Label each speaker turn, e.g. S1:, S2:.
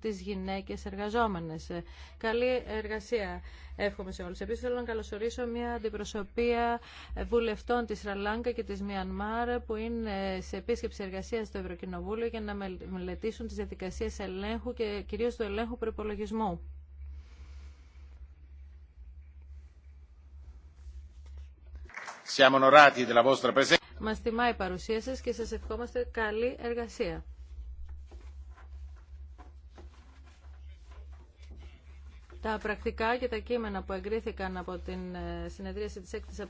S1: τις γυναίκες εργαζόμενες. Ε, καλή εργασία εύχομαι σε όλους. Επίσης θέλω να καλωσορίσω μια αντιπροσωπεία βουλευτών της Ραλάνκα και της Μιανμάρ που είναι σε επίσκεψη εργασία στο Ευρωκοινοβούλιο για να μελετήσουν τις διαδικασίες ελέγχου και κυρίως του ελέγχου προπολογισμού.
S2: Siamo onorati
S1: Μας τιμά η παρουσία σας και σας ευχόμαστε καλή εργασία. Τα πρακτικά και τα κείμενα που εγκρίθηκαν από την ε, συνεδρίαση της 6ης Απριλίου